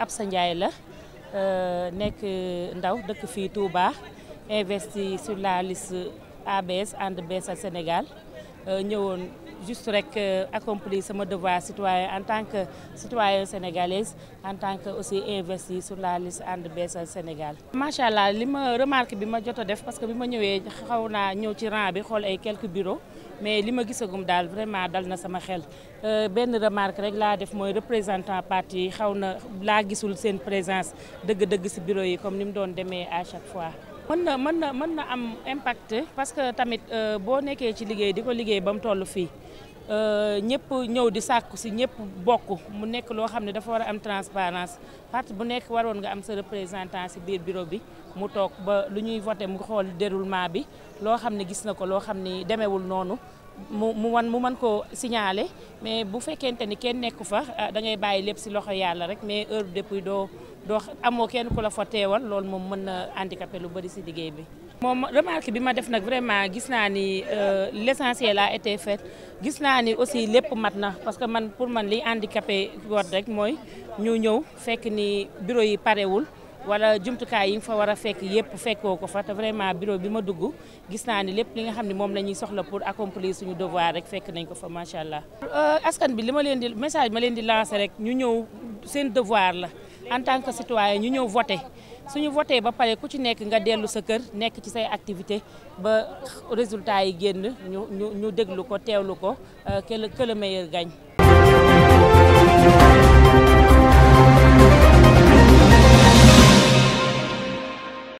Absa Ndiaye la euh, nekk ndaw dëkk fii Touba investi sur la liste ABS end beesal Sénégal euh, ñëwoon juste rek euh, accomplir sama devoir citoyen en tant que citoyen sénégalaise en tant que aussi investi sur la liste ànd beesal Sénégal. macha allah li ma remarque bi ma jot a def parce que bi ma ñëwee xaw naa ñëw ci rang bi xool ay quelques bureaux. mais li ma gisagum daal vraiment dal na sama xel euh, benn remarque rek laa def mooy représentant parti yi xaw na laa gisul seen présence dëgg-dëgg ci bureau yi comme ni mu doon demee à chaque fois. mën na mën na mën na am impact parce que tamit euh, boo nekkee ci liggéey di ko liggéey ba mu toll fii. Euh, ñëpp ñëw di sàkku si ñëpp bokk mu nekk loo xam ne dafa war a am transparence parti bu nekk waroon nga am sa représentant si biir bureau bi mu toog ba lu ñuy vote mu xool déroulement bi loo xam ne gis na ko loo xam ni demewul noonu mu mu wan mu mën koo signaler mais bu fekkente ni kenn nekku fa ah, da bàyyi lépp si loxo yàlla rek mais heure depuis doo doo amoo kenn ku la fa loolu moom mën na handicapé lu bëri si liggéey bi moom remarque bi ma def nag vraiment gis naa ni euh, l' essentiel a été fait gis naa ni aussi lépp mat na parce que man pour man liy handicapé war rek mooy ñu ñëw fekk ni bureau yi parewul wala jumtukaay yi nga fa war a fekk yëpp fekkoo ko fa te vraiment bureau bi ma dugg gis naa ni lépp li nga xam ne moom la ñuy soxla pour accomplir suñu devoir rek fekk nañ ko fa macha allah. Euh, askan bi li ma leen di message ma leen di lancer rek ñu ñëw seen devoir la. en tant que citoyen ñu ñëw voté suñu voté ba pare ku ci nekk nga dellu sa kër nekk ci say activité ba résultat yi génn ñu ñu déglu ko teewlu ko euh, que le que le